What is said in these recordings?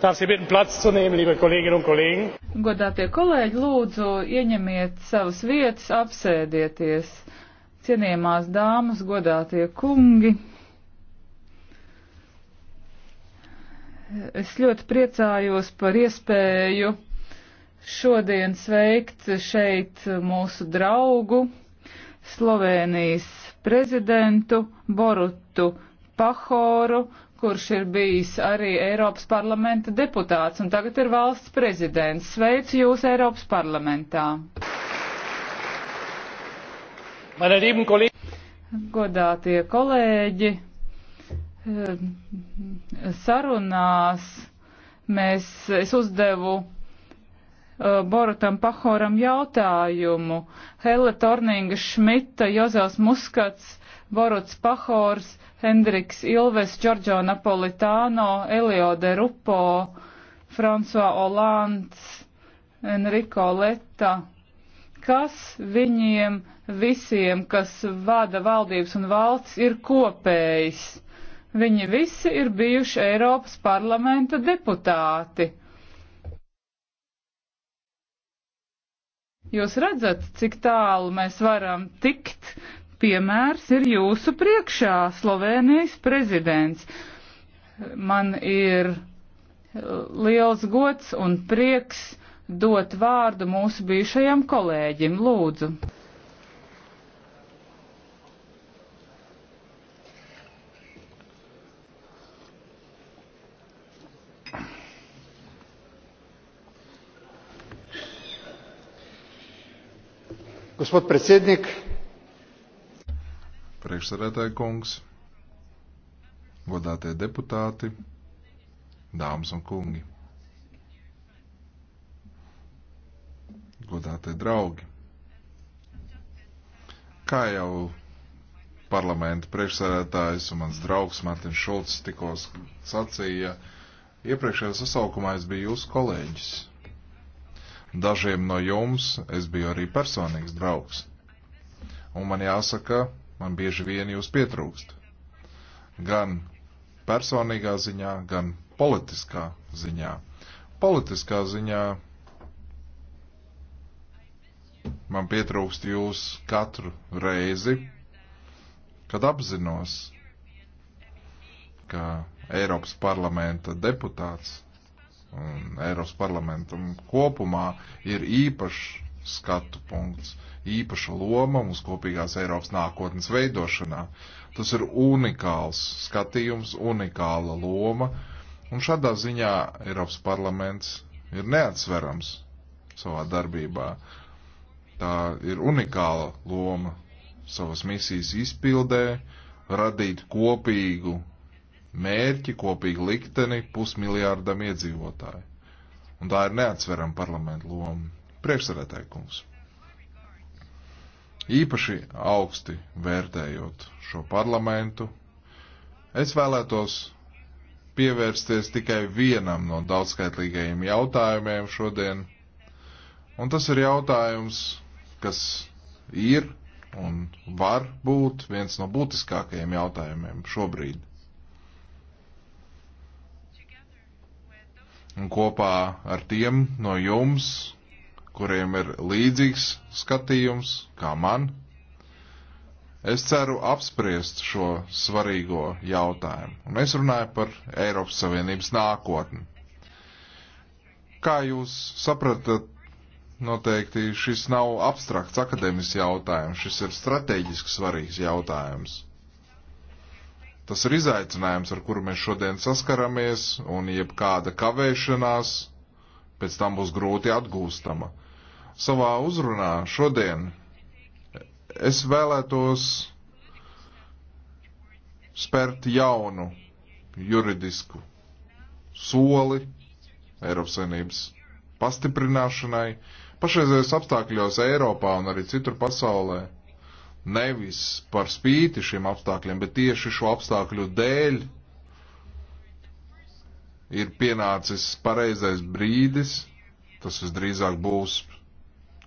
Darf Sie bitten, Platz zu nehmen, liebe Kolleginnen un Kollegen? Godātie kolēģi, lūdzu, ieņemiet savas vietas, apsēdieties. Cienījamās dāmas, godātie kungi. Es ļoti priecājos par iespēju šodien sveikt šeit mūsu draugu, Slovenijas prezidentu Borutu Pahoru, kurš ir bijis arī Eiropas parlamenta deputāts un tagad ir valsts prezidents. Sveicu jūs Eiropas parlamentā. Godātie kolēģi, sarunās mēs, es uzdevu uh, Borutam Pahoram jautājumu. Helle Torninga Šmita, Jozels Muskats Boruts Pahors, Hendriks Ilves, Giorgio Napolitano, Elio de Rupo, François Olands, Enrico Letta. Kas viņiem visiem, kas vada valdības un valsts, ir kopējis? Viņi visi ir bijuši Eiropas parlamenta deputāti. Jūs redzat, cik tālu mēs varam tikt, piemērs ir jūsu priekšā, Slovenijas prezidents. Man ir eh, liels gods un prieks dot vārdu mūsu bijušajam kolēģim. Lūdzu. gospod predsednik priekšsarētāja kungs, godātie deputāti, dāmas un kungi, godātie draugi. Kā jau parlamenta priekšsēdētājs un mans draugs Mārtiņš Šulcs tikko sacīja, iepriekšējā sasaukumā es biju jūsu kolēģis. Dažiem no jums es biju arī personīgs draugs. Un man jāsaka, Man bieži vien jūs pietrūkst. Gan personīgā ziņā, gan politiskā ziņā. Politiskā ziņā man pietrūkst jūs katru reizi, kad apzinos, ka Eiropas parlamenta deputāts un Eiropas parlamentam kopumā ir īpašs skatu punkts īpaša loma mūsu kopīgās Eiropas nākotnes veidošanā. Tas ir unikāls skatījums, unikāla loma, un šādā ziņā Eiropas parlaments ir neatsverams savā darbībā. Tā ir unikāla loma savas misijas izpildē, radīt kopīgu mērķi, kopīgu likteni pusmiljārdam iedzīvotāju. Un tā ir neatsverama parlamenta loma. Priekšsēdētāji kungs īpaši augsti vērtējot šo parlamentu. Es vēlētos pievērsties tikai vienam no daudzskaitlīgajiem jautājumiem šodien, un tas ir jautājums, kas ir un var būt viens no būtiskākajiem jautājumiem šobrīd. Un kopā ar tiem no jums, kuriem ir līdzīgs skatījums kā man. Es ceru apspriest šo svarīgo jautājumu, un es runāju par Eiropas Savienības nākotni. Kā jūs sapratat, noteikti šis nav abstrakts akadēmisks jautājums, šis ir strateģiski svarīgs jautājums. Tas ir izaicinājums, ar kuru mēs šodien saskaramies, un jebkāda kavēšanās pēc tam būs grūti atgūstama savā uzrunā šodien, es vēlētos spērt jaunu juridisku soli Eiropas Savienības pastiprināšanai pašreizējos apstākļos Eiropā un arī citur pasaulē. Nevis par spīti šiem apstākļiem, bet tieši šo apstākļu dēļ ir pienācis pareizais brīdis, tas visdrīzāk būs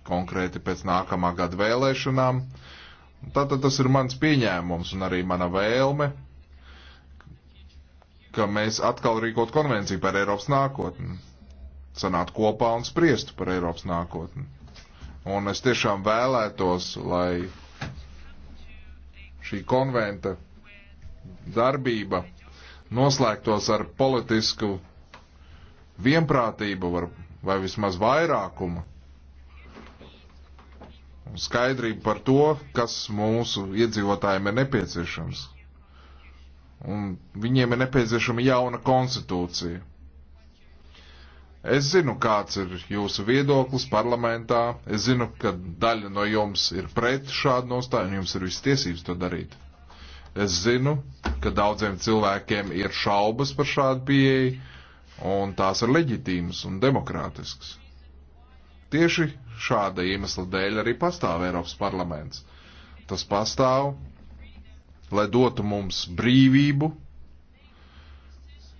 konkrēti pēc nākamā gada vēlēšanām. Tātad tas ir mans pieņēmums un arī mana vēlme, ka mēs atkal rīkot konvenciju par Eiropas nākotni, sanātu kopā un spriestu par Eiropas nākotni. Un es tiešām vēlētos, lai šī konventa darbība noslēgtos ar politisku vienprātību var, vai vismaz vairākumu skaidrību par to, kas mūsu iedzīvotājiem ir nepieciešams. Un viņiem ir nepieciešama jauna konstitūcija. Es zinu, kāds ir jūsu viedoklis parlamentā. Es zinu, ka daļa no jums ir pret šādu nostāju, un jums ir viss tiesības to darīt. Es zinu, ka daudziem cilvēkiem ir šaubas par šādu pieeju, un tās ir leģitīmas un demokrātiskas. Tieši šāda iemesla dēļ arī pastāv Eiropas parlaments. Tas pastāv, lai dotu mums brīvību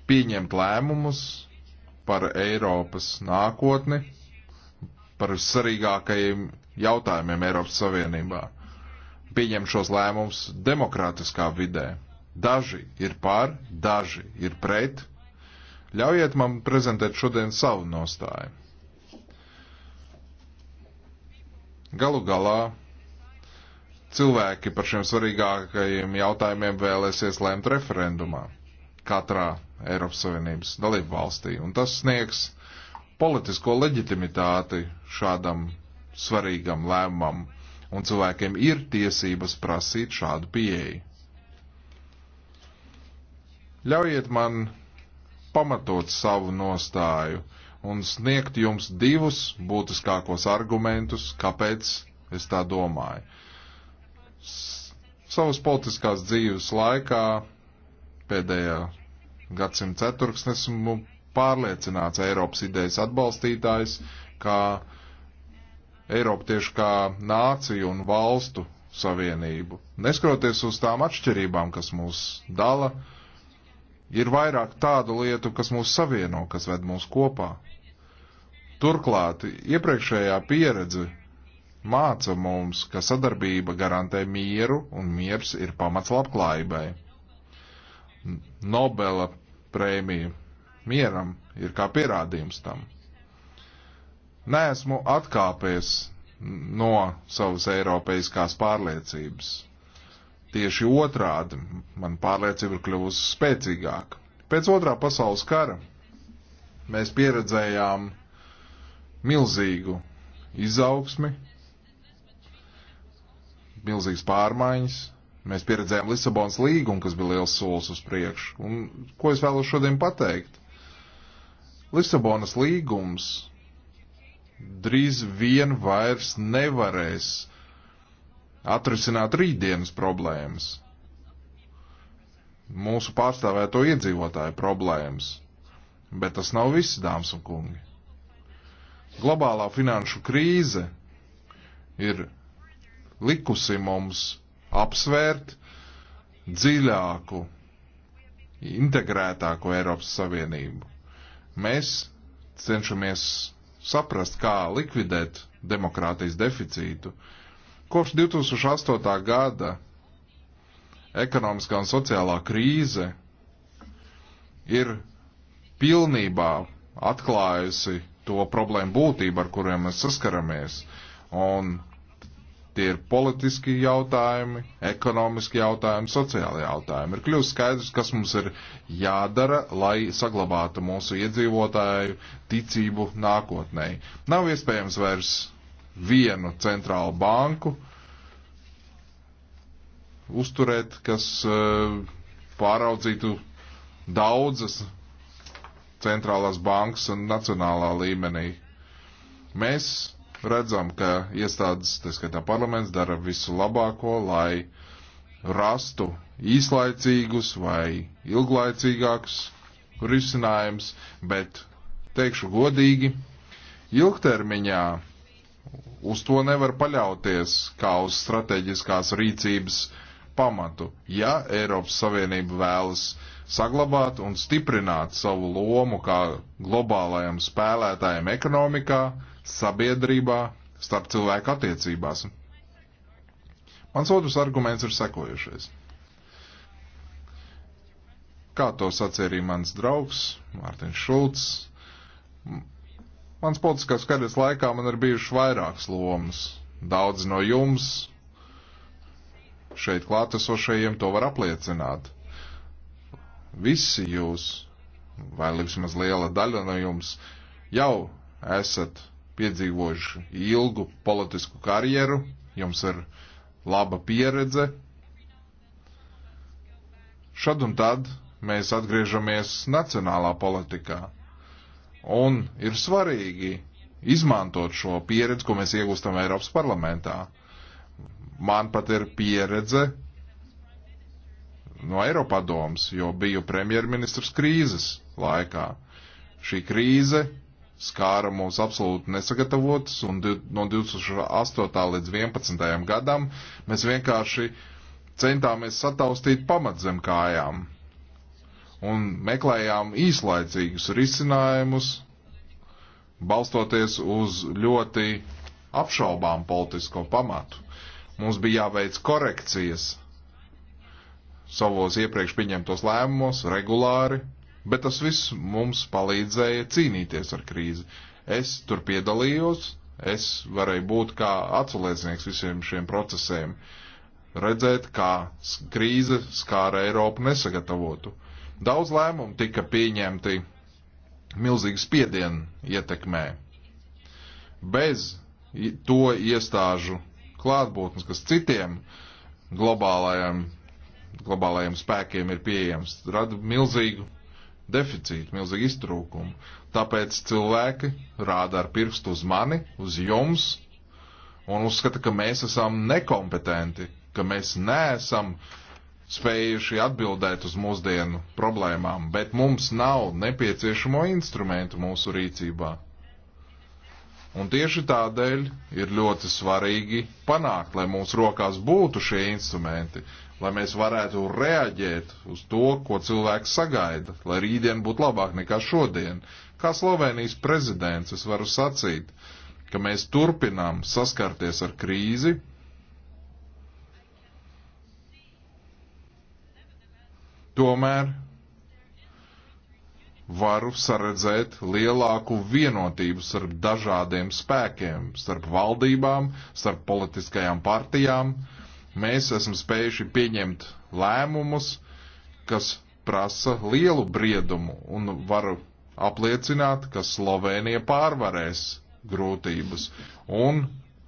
pieņemt lēmumus par Eiropas nākotni, par svarīgākajiem jautājumiem Eiropas Savienībā. Pieņem šos lēmumus demokrātiskā vidē. Daži ir par, daži ir pret. Ļaujiet man prezentēt šodien savu nostāju. Galu galā cilvēki par šiem svarīgākajiem jautājumiem vēlēsies lēmt referendumā katrā Eiropas Savienības dalību valstī, un tas sniegs politisko leģitimitāti šādam svarīgam lēmumam, un cilvēkiem ir tiesības prasīt šādu pieeju. Ļaujiet man pamatot savu nostāju un sniegt jums divus būtiskākos argumentus, kāpēc es tā domāju. Savas politiskās dzīves laikā pēdējā gadsimta ceturksnes esmu pārliecināts Eiropas idejas atbalstītājs, kā Eiropa tieši kā nāciju un valstu savienību. Neskroties uz tām atšķirībām, kas mūs dala, ir vairāk tādu lietu, kas mūs savieno, kas ved mūs kopā. Turklāt iepriekšējā pieredze māca mums, ka sadarbība garantē mieru un miers ir pamats labklājībai. Nobela prēmija mieram ir kā pierādījums tam. Nesmu atkāpies no savas eiropeiskās pārliecības. Tieši otrādi man pārliecība ir kļuvusi spēcīgāka. Pēc otrā pasaules kara mēs pieredzējām milzīgu izaugsmi, milzīgas pārmaiņas. Mēs pieredzējām Lisabonas līgumu, kas bija liels solis uz priekšu. Un ko es vēlos šodien pateikt? Lisabonas līgums drīz vien vairs nevarēs atrisināt rītdienas problēmas, mūsu pārstāvēto iedzīvotāju problēmas. Bet tas nav viss, dāmas un kungi. Globālā finanšu krīze ir likusi mums apsvērt dziļāku, integrētāku Eiropas Savienību. Mēs cenšamies saprast, kā likvidēt demokrātijas deficītu. Kopš 2008. gada ekonomiskā un sociālā krīze ir pilnībā atklājusi to problēmu būtību, ar kuriem mēs saskaramies. Un tie ir politiski jautājumi, ekonomiski jautājumi, sociāli jautājumi. Ir kļūst skaidrs, kas mums ir jādara, lai saglabātu mūsu iedzīvotāju ticību nākotnē. Nav iespējams vairs vienu centrālu banku uzturēt, kas eh, pāraudzītu daudzas centrālās bankas un nacionālā līmenī. Mēs redzam, ka iestādes, tā skaitā parlaments, dara visu labāko, lai rastu īslaicīgus vai ilglaicīgākus risinājumus, bet teikšu godīgi, ilgtermiņā uz to nevar paļauties kā uz strateģiskās rīcības pamatu, ja Eiropas Savienība vēlas uh, saglabāt un stiprināt savu lomu kā globālajam spēlētājam ekonomikā, sabiedrībā, starp cilvēku attiecībās. Mans otrs arguments ir sekojušais. Kā to sacīja arī mans draugs Mārtiņš Šulcs, mans politiskās karjeras laikā man ir bijušas vairākas lomas. Daudz no jums šeit klātesošajiem to var apliecināt Visi jūs, vai vismaz liela daļa no jums, jau esat piedzīvojuši ilgu politisku karjeru, jums ir laba pieredze. Šad un tad mēs atgriežamies nacionālā politikā. Un ir svarīgi izmantot šo pieredzi, ko mēs iegūstam Eiropas parlamentā. Man pat ir pieredze no Eiropadomas, jo biju premjerministrs krīzes laikā. Šī krīze skāra mūs absolūti nesagatavotas, un no 2008. līdz 2011. gadam mēs vienkārši centāmies sataustīt pamat zem kājām un meklējām īslaicīgus risinājumus, balstoties uz ļoti apšaubām politisko pamatu. Mums bija jāveic korekcijas savos iepriekš pieņemtos lēmumos regulāri, bet tas viss mums palīdzēja cīnīties ar krīzi. Es tur piedalījos, es varēju būt kā atsulēcinieks visiem šiem procesiem, redzēt, kā krīze skāra Eiropu nesagatavotu. Daudz lēmumu tika pieņemti milzīgi spiedienu ietekmē. Bez to iestāžu klātbūtnes, kas citiem globālajiem globālajiem spēkiem ir pieejams, rada milzīgu deficītu, milzīgu iztrūkumu. Tāpēc cilvēki rāda ar pirkstu uz mani, uz jums, un uzskata, ka mēs esam nekompetenti, ka mēs neesam spējuši atbildēt uz mūsdienu problēmām, bet mums nav nepieciešamo instrumentu mūsu rīcībā. Un tieši tādēļ ir ļoti svarīgi panākt, lai mūsu rokās būtu šie instrumenti, lai mēs varētu reaģēt uz to, ko cilvēks sagaida, lai rītdien būtu labāk nekā šodien. Kā Slovenijas prezidents es varu sacīt, ka mēs turpinām saskarties ar krīzi. Tomēr varu saredzēt lielāku vienotību starp dažādiem spēkiem, starp valdībām, starp politiskajām partijām, uh, Mēs esam spējuši pieņemt lēmumus, kas prasa lielu briedumu, un varu apliecināt, ka Slovēnija pārvarēs grūtības un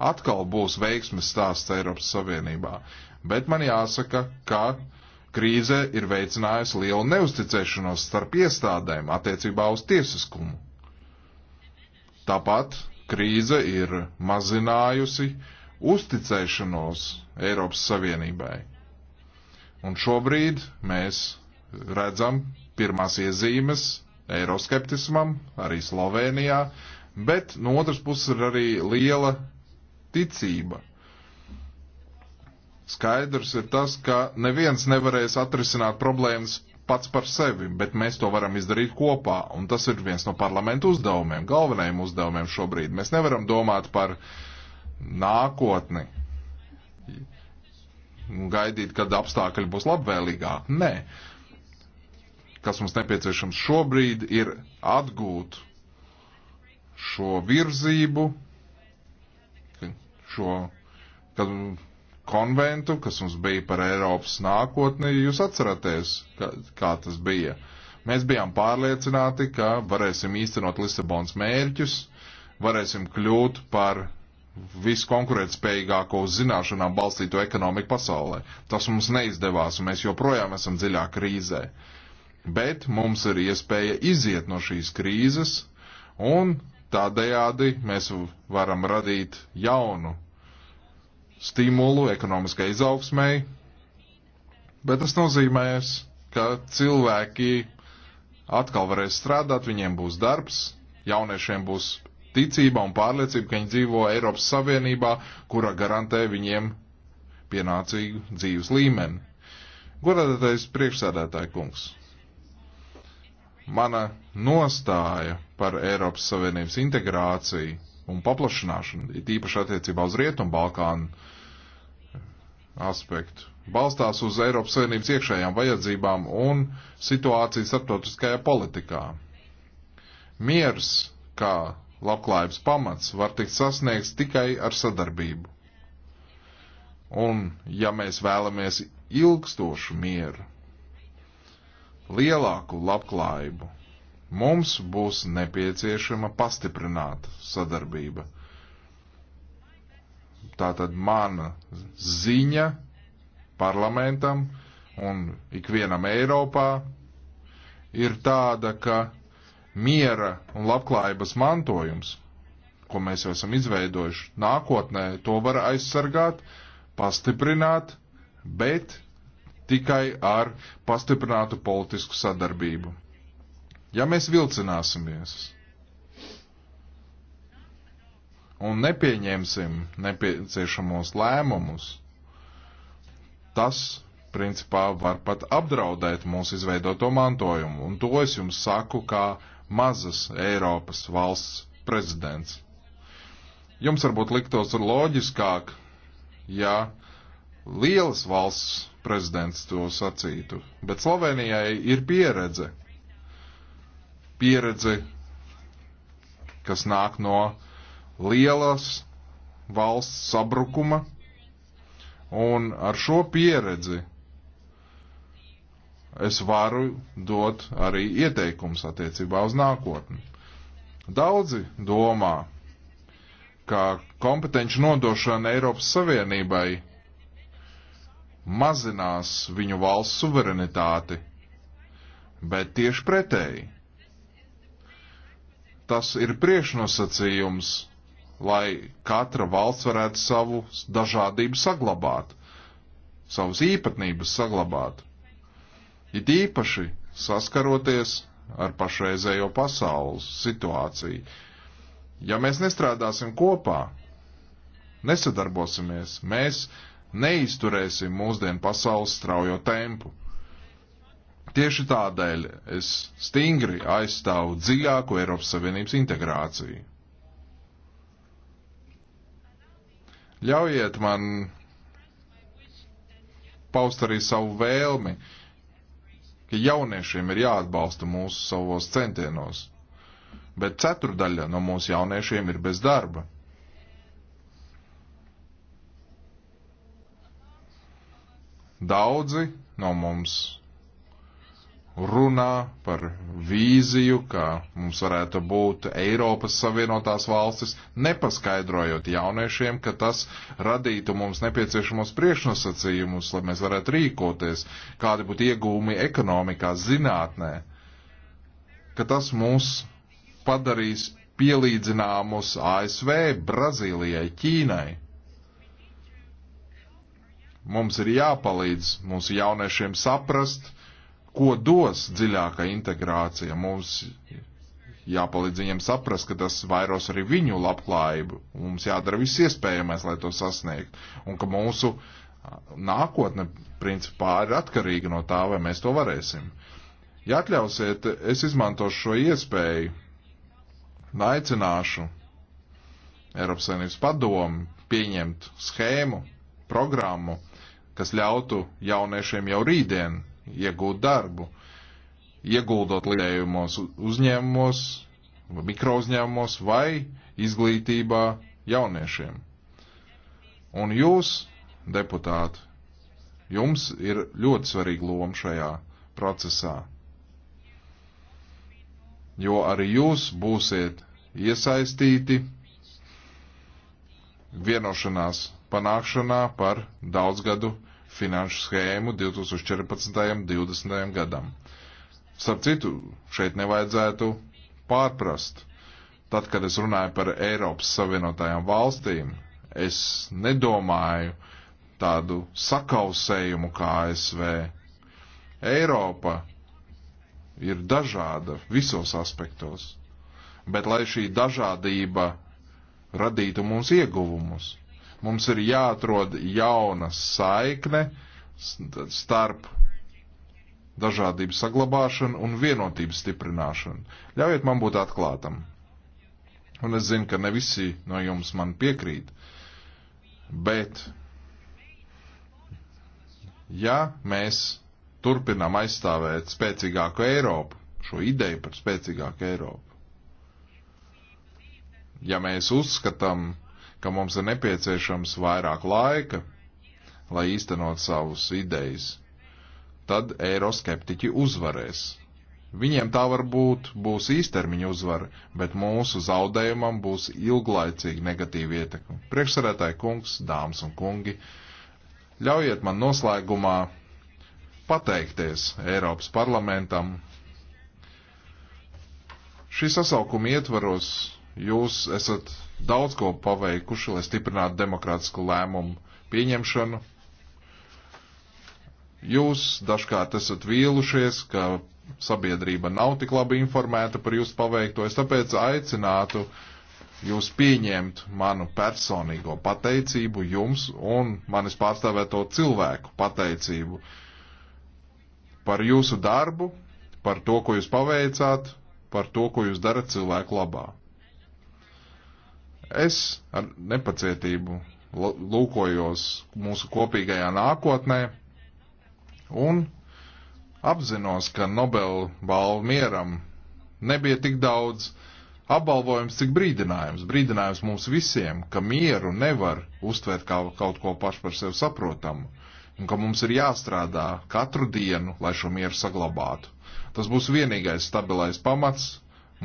atkal būs veiksmes stāsts Eiropas Savienībā. Bet man jāsaka, ka krīze ir veicinājusi lielu neusticēšanos starp iestādēm attiecībā uz tiesiskumu. Tāpat krīze ir mazinājusi uzticēšanos Eiropas Savienībai. Un šobrīd mēs redzam pirmās iezīmes eiroskeptismam, arī Slovenijā, bet no otras puses ir arī liela ticība Skaidrs ir tas, ka neviens nevarēs atrisināt problēmas pats par sevi, bet mēs to varam izdarīt kopā, un tas ir viens no parlamentu uzdevumiem, galvenajiem uzdevumiem šobrīd. Mēs nevaram domāt par uh, nākotni un gaidīt, kad apstākļi būs labvēlīgāki. Nē, kas mums nepieciešams šobrīd, ir atgūt šo virzību, šo kad, konventu, kas mums bija par Eiropas nākotni. Jūs atceraties, kā, kā tas bija. Mēs bijām pārliecināti, ka varēsim īstenot Lisabonas mērķus, varēsim kļūt par viskonkurētspējīgāko uz zināšanām balstīto ekonomiku pasaulē. Tas mums neizdevās, un mēs joprojām esam dziļā krīzē. Bet mums ir iespēja iziet no šīs krīzes, un tādējādi mēs varam radīt jaunu stimulu ekonomiskai izaugsmēji, bet tas nozīmēs, ka cilvēki atkal varēs strādāt, viņiem būs darbs, jauniešiem būs ticība un pārliecība, ka viņi dzīvo Eiropas Savienībā, kura garantē viņiem pienācīgu dzīves līmeni. Godātais priekšsēdētāji kungs, mana nostāja par Eiropas Savienības integrāciju un paplašināšanu, it īpaši attiecībā uz Rietumu Balkānu aspektu, balstās uz Eiropas Savienības iekšējām vajadzībām un situācijas starptautiskajā politikā. Miers, kā labklājības pamats var tikt sasniegts tikai ar sadarbību. Un, ja mēs vēlamies ilgstošu mieru, lielāku labklājību, mums būs nepieciešama pastiprināta sadarbība. Tātad mana ziņa parlamentam un ikvienam Eiropā ir tāda, ka miera un labklājības mantojums, ko mēs jau esam izveidojuši. Nākotnē to var aizsargāt, pastiprināt, bet tikai ar pastiprinātu politisku sadarbību. Ja mēs vilcināsimies un nepieņemsim nepieciešamos lēmumus, tas principā var pat apdraudēt mūsu izveidoto mantojumu, un to es jums saku kā mazas Eiropas valsts prezidents. Jums varbūt liktos loģiskāk, ja lielas valsts prezidents to sacītu, bet Slovenijai ir pieredze. Pieredze, kas nāk no lielas valsts sabrukuma, un ar šo pieredzi es varu dot arī ieteikums attiecībā uz nākotni. Daudzi domā, ka kompetenci nodošana Eiropas Savienībai mazinās viņu valsts suverenitāti, bet tieši pretēji. Tas ir priekšnosacījums, lai katra valsts varētu savu dažādību saglabāt, savus īpatnības saglabāt. It īpaši saskaroties ar pašreizējo pasaules situāciju. Ja mēs nestrādāsim kopā, nesadarbosimies, mēs neizturēsim mūsdienu pasaules straujo tempu. Tieši tādēļ es stingri aizstāvu dziļāko Eiropas Savienības integrāciju. Ļaujiet man paust arī savu vēlmi, uh, ka jauniešiem ir jāatbalsta mūsu savos centienos, bet ceturdaļa no mūsu jauniešiem ir bez darba. Daudzi no mums runā par vīziju, kā mums varētu būt Eiropas Savienotās valstis, nepaskaidrojot jauniešiem, ka tas radītu mums nepieciešamos priekšnosacījumus, lai mēs varētu rīkoties, kādi būtu iegūmi ekonomikā, zinātnē, ka tas mūs padarīs pielīdzināmus ASV, Brazīlijai, Ķīnai mums ir jāpalīdz mūsu jauniešiem saprast, ko dos dziļāka integrācija. Mums jāpalīdz viņiem saprast, ka tas vairos arī viņu labklājību. Mums jādara viss iespējamais, lai to sasniegtu. Un ka mūsu nākotne principā ir atkarīga no tā, vai mēs to varēsim. Ja atļausiet, es izmantošu šo iespēju, aicināšu Eiropas Savienības padomu pieņemt schēmu, programmu, kas ļautu jauniešiem jau rītdien iegūt darbu, ieguldot lidējumos uzņēmumos, mikrouzņēmumos vai izglītībā jauniešiem. Un jūs, deputāti, jums ir ļoti svarīga loma šajā procesā, jo arī jūs būsiet iesaistīti vienošanās panākšanā par daudzgadu finanšu schēmu 2014. un 2020. gadam. Starp citu, šeit nevajadzētu pārprast. Tad, kad es runāju par Eiropas Savienotajām valstīm, es nedomāju tādu sakausējumu kā ASV. Eiropa ir dažāda visos aspektos, bet lai šī dažādība radītu mums ieguvumus Mums ir jāatrod jauna saikne starp dažādības saglabāšanu un vienotības stiprināšanu. Ļaujiet man būt atklātam. Un es zinu, ka ne visi no jums man piekrīt, bet ja mēs turpinām aizstāvēt spēcīgāku Eiropu, šo ideju par spēcīgāku Eiropu, ja mēs uzskatām, ka mums ir nepieciešams vairāk laika, lai īstenot savus idejas, tad eiroskeptiķi uzvarēs. Viņiem tā varbūt būs īstermiņa uzvara, bet mūsu zaudējumam būs ilglaicīgi negatīva ietekme. Priekšsarētāji kungs, dāmas un kungi, ļaujiet man noslēgumā pateikties Eiropas parlamentam. Šī sasaukuma ietvaros jūs esat daudz ko paveikuši, lai stiprinātu demokrātisku lēmumu pieņemšanu. Jūs dažkārt esat vīlušies, ka sabiedrība nav tik labi informēta par jūsu paveikto. Es tāpēc aicinātu jūs pieņemt manu personīgo pateicību jums un manis pārstāvēto cilvēku pateicību par jūsu darbu, par to, ko jūs paveicāt, par to, ko jūs darat cilvēku labā. Es ar nepacietību lūkojos mūsu kopīgajā nākotnē un apzinos, ka Nobel balvu mieram nebija tik daudz apbalvojums, cik brīdinājums. Brīdinājums mums visiem, ka mieru nevar uztvērt kā kaut ko pašu par sevi saprotamu un ka mums ir jāstrādā katru dienu, lai šo mieru saglabātu. Tas būs vienīgais stabilais pamats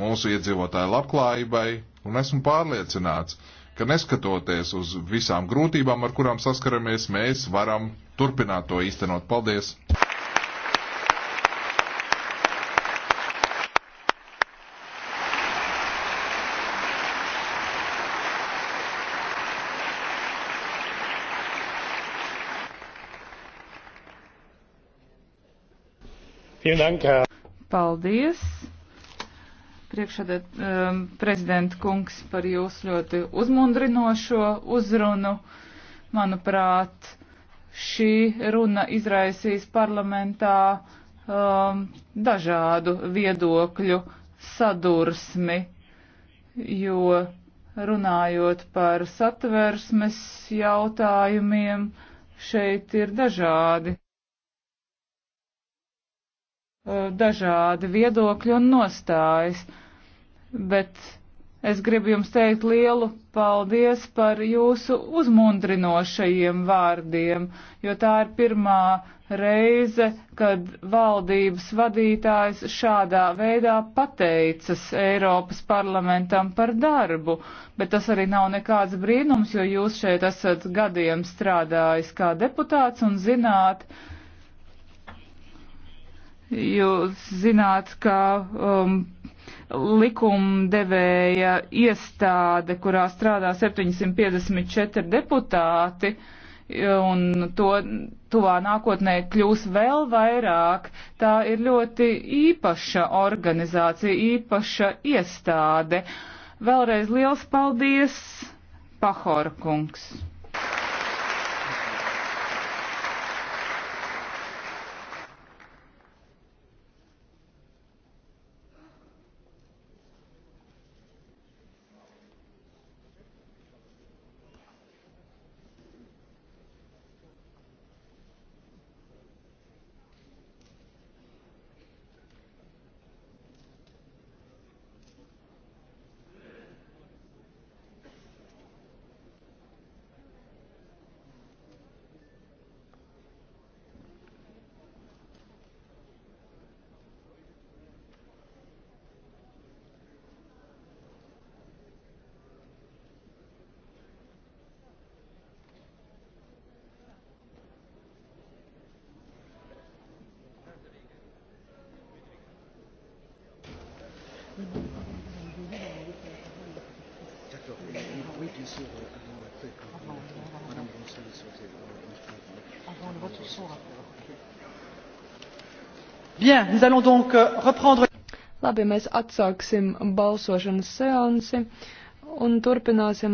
mūsu iedzīvotāju labklājībai, Un esmu pārliecināts, ka neskatoties uz visām grūtībām, ar kurām saskaramies, mēs varam turpināt to īstenot. Paldies! Paldies! priekšādā um, prezidenta kungs par jūsu ļoti uzmundrinošo uzrunu. Manuprāt, šī runa izraisīs parlamentā um, dažādu viedokļu sadursmi, jo runājot par satversmes jautājumiem, šeit ir dažādi Uh, dažādi viedokļi un nostājas, bet es gribu jums teikt lielu paldies par jūsu uzmundrinošajiem vārdiem, jo tā ir pirmā reize, kad valdības vadītājs šādā veidā pateicas Eiropas parlamentam par darbu, bet tas arī nav nekāds brīnums, jo jūs šeit esat gadiem strādājis kā deputāts un zināt, uh, Jūs zināt, ka um, likumdevēja iestāde, kurā strādā 754 deputāti, un to tuvā nākotnē kļūs vēl vairāk, tā ir ļoti īpaša organizācija, īpaša iestāde. Vēlreiz liels paldies, Pahorkungs! sur, avant ou après quand avant, vous, avant, Madame Gonzalez sur les, Avant le vote sur son rapport, ok. Bien, nous allons donc euh, reprendre. Labi, mēs atsāksim balsošanas seansi un turpināsim.